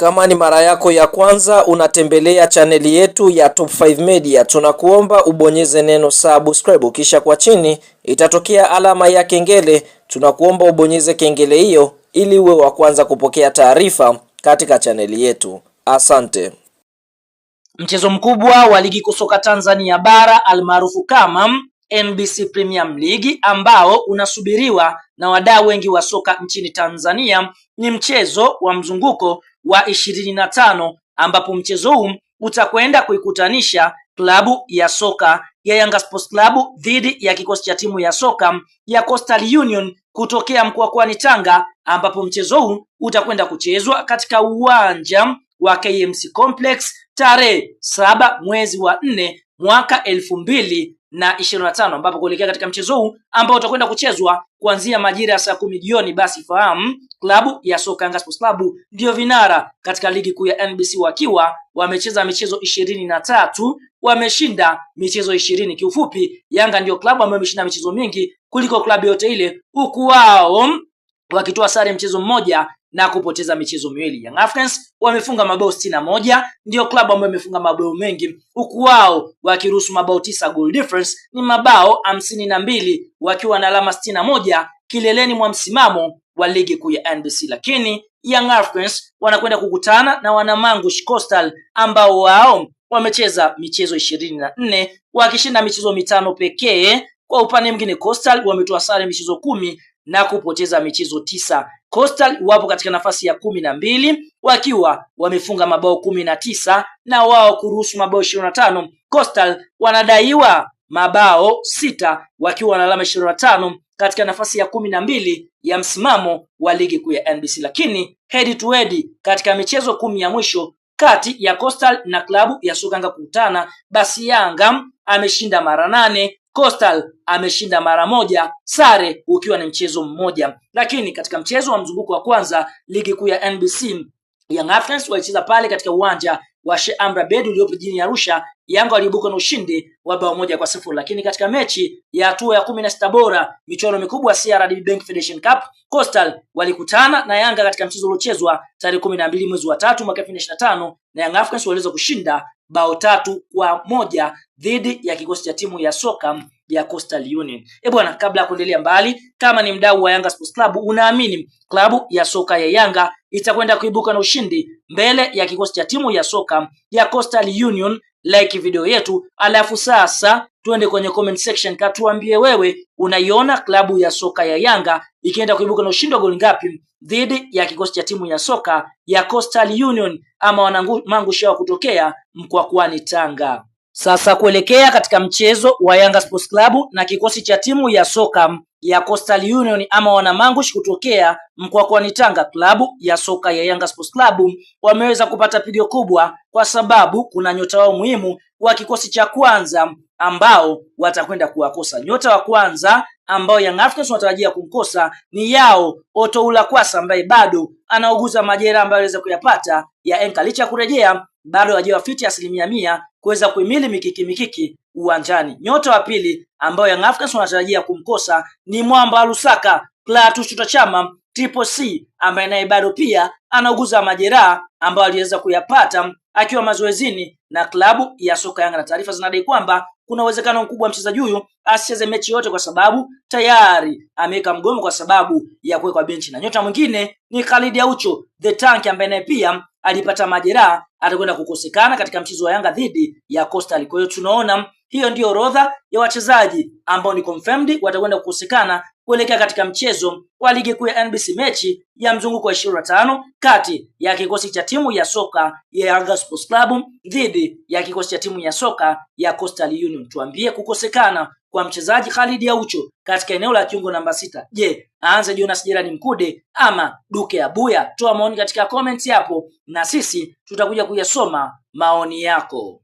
Kama ni mara yako ya kwanza unatembelea chaneli yetu ya Top 5 Media, tunakuomba ubonyeze neno subscribe, kisha kwa chini itatokea alama ya kengele. Tunakuomba ubonyeze kengele hiyo ili uwe wa kwanza kupokea taarifa katika chaneli yetu. Asante. Mchezo mkubwa wa ligi kuu soka Tanzania bara almaarufu kama NBC Premium League ambao unasubiriwa na wadau wengi wa soka nchini Tanzania ni mchezo wa mzunguko wa ishirini na tano ambapo mchezo huu utakwenda kuikutanisha klabu ya soka ya Yanga Sports Club dhidi ya kikosi cha timu ya soka ya Coastal Union kutokea mkoa mkoani Tanga, ambapo mchezo huu utakwenda kuchezwa katika uwanja wa KMC Complex tarehe saba mwezi wa nne mwaka elfu mbili na 25 ambapo kuelekea katika mchezo huu ambao utakwenda kuchezwa kuanzia majira ya saa kumi jioni, basi fahamu klabu ya soka Yanga Sports Club ndiyo vinara katika ligi kuu ya NBC wakiwa wamecheza michezo ishirini na tatu wameshinda michezo ishirini. Kiufupi, Yanga ndiyo klabu ambayo imeshinda michezo mingi kuliko klabu yote ile, huku wao wakitoa sare mchezo mmoja na kupoteza michezo miwili. Young Africans wamefunga mabao sitini na moja, ndiyo klabu ambayo imefunga mabao mengi, huku wao wakiruhusu mabao tisa. Goal difference ni mabao hamsini na mbili wakiwa na alama sitini na moja kileleni mwa msimamo wa ligi kuu ya NBC, lakini Young Africans wanakwenda kukutana na Wanamangush Coastal ambao wao wamecheza michezo ishirini na nne wakishinda michezo mitano pekee. Kwa upande mwingine Coastal wametoa sare michezo kumi na kupoteza michezo tisa. Coastal wapo katika nafasi ya kumi na mbili wakiwa wamefunga mabao kumi na tisa na wao kuruhusu mabao ishirini na tano. Coastal wanadaiwa mabao sita wakiwa na alama ishirini na tano katika nafasi ya kumi na mbili ya msimamo wa ligi kuu ya NBC, lakini head to head katika michezo kumi ya mwisho kati ya Coastal na klabu ya soka Yanga kukutana, basi Yanga ameshinda mara nane Coastal ameshinda mara moja, sare ukiwa ni mchezo mmoja. Lakini katika mchezo wa mzunguko wa kwanza ligi kuu ya NBC, Young Africans walicheza pale katika uwanja wa Sheikh Amri Abeid uliopo jijini Arusha. Yanga waliibuka na ushindi wa bao moja kwa sifuri. Lakini katika mechi ya hatua ya kumi na sita bora michuano mikubwa CRDB Bank Federation Cup, Coastal walikutana na Yanga katika mchezo uliochezwa tarehe kumi na mbili mwezi wa tatu mwaka 2025 na Young Africans waliweza kushinda bao tatu kwa moja dhidi ya kikosi cha timu ya soka ya Coastal Union. Eh bwana, kabla ya kuendelea mbali, kama ni mdau wa Yanga Sports Club, unaamini klabu ya soka ya Yanga itakwenda kuibuka na ushindi mbele ya kikosi cha timu ya soka ya Coastal Union? Like video yetu, alafu sasa tuende kwenye comment section, katuambie wewe unaiona klabu ya soka ya Yanga ikienda kuibuka na ushindi wa goli ngapi dhidi ya kikosi cha timu ya soka ya Coastal Union ama wanamangusha wa kutokea Mkwakwani Tanga. Sasa kuelekea katika mchezo wa Yanga Sports Club na kikosi cha timu ya soka ya Coastal Union ama wanamangush kutokea Mkwakwani Tanga, klabu ya soka ya Yanga Sports Club wameweza kupata pigo kubwa, kwa sababu kuna nyota wao muhimu wa kikosi cha kwanza ambao watakwenda kuwakosa. Nyota wa kwanza ambao Young Africans wanatarajia kumkosa ni yao otoula Ulakwasa ambaye bado anauguza majeraha ambayo aliweza kuyapata ya enka. Licha ya kurejea, bado hajawa fiti asilimia mia kuweza kuhimili mikiki mikiki uwanjani. Nyota wa pili ambao Young Africans wanatarajia kumkosa ni mwamba wa Lusaka Clatous Chama Triple C ambaye naye bado pia anauguza majeraha ambayo aliweza kuyapata akiwa mazoezini na klabu ya soka Yanga, na taarifa zinadai kwamba kuna uwezekano mkubwa mchezaji huyu asicheze mechi yote, kwa sababu tayari ameweka mgomo kwa sababu ya kuwekwa benchi. Na nyota mwingine ni Khalid Aucho the Tank, ambaye naye pia alipata majeraha, atakwenda kukosekana katika mchezo wa Yanga dhidi ya Coastal. Kwa hiyo tunaona hiyo ndiyo orodha ya wachezaji ambao ni confirmed watakwenda kukosekana kuelekea katika mchezo wa ligi kuu ya NBC mechi ya mzunguko wa ishirini na tano kati ya kikosi cha timu ya soka ya Yanga Sports Club dhidi ya kikosi cha timu ya soka ya Coastal Union. Tuambie kukosekana kwa mchezaji Khalid Aucho katika eneo la kiungo namba sita. Je, aanze Jonas Jerani Mkude ama Duke Abuya? Toa maoni katika comments yako na sisi tutakuja kuyasoma maoni yako.